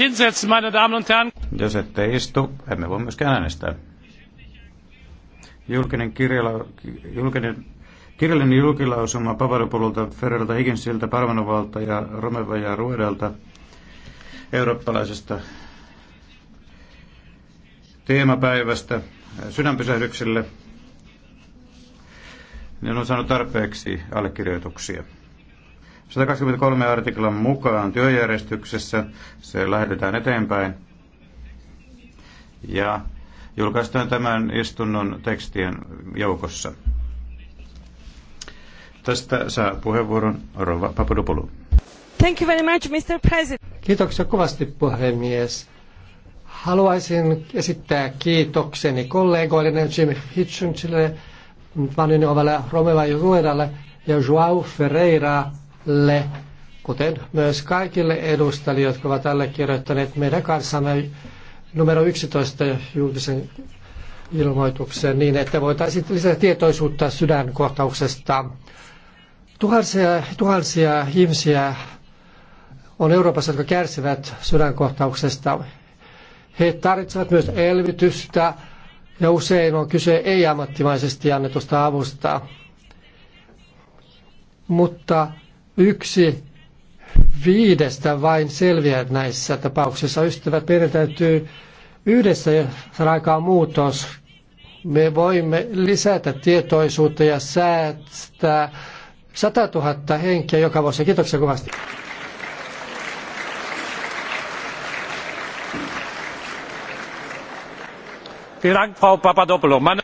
hinsetzen, meine Damen und Herren. Jos ette istu, emme voi myöskään äänestää. Julkinen, kirjala, julkinen Kirjallinen julkilausuma Papadopolulta, Ferrelta, Higginsiltä, Parvanovalta ja Romeva ja Ruedalta eurooppalaisesta teemapäivästä sydänpysähdykselle. Ne on saanut tarpeeksi allekirjoituksia. 123 artiklan mukaan työjärjestyksessä se lähetetään eteenpäin ja julkaistaan tämän istunnon tekstien joukossa. Tästä saa puheenvuoron Rova Papadopoulou. Thank you very much, Mr. President. Kiitoksia kovasti, puhemies. Haluaisin esittää kiitokseni kollegoille Jim Hitchensille, Vanini Ovalle, Romeva Ruedalle ja Joao Ferreira kaikille, kuten myös kaikille edustajille, jotka ovat allekirjoittaneet meidän kanssamme numero 11 julkisen ilmoituksen niin, että voitaisiin lisätä tietoisuutta sydänkohtauksesta. Tuhansia, tuhansia ihmisiä on Euroopassa, jotka kärsivät sydänkohtauksesta. He tarvitsevat myös elvytystä ja usein on kyse ei-ammattimaisesti annetusta avusta. Mutta yksi viidestä vain selviää näissä tapauksissa. Ystävät, meidän täytyy yhdessä saada muutos. Me voimme lisätä tietoisuutta ja säästää 100 000 henkeä joka vuosi. Kiitoksia kovasti. Kiitos, Frau Papadopoulos.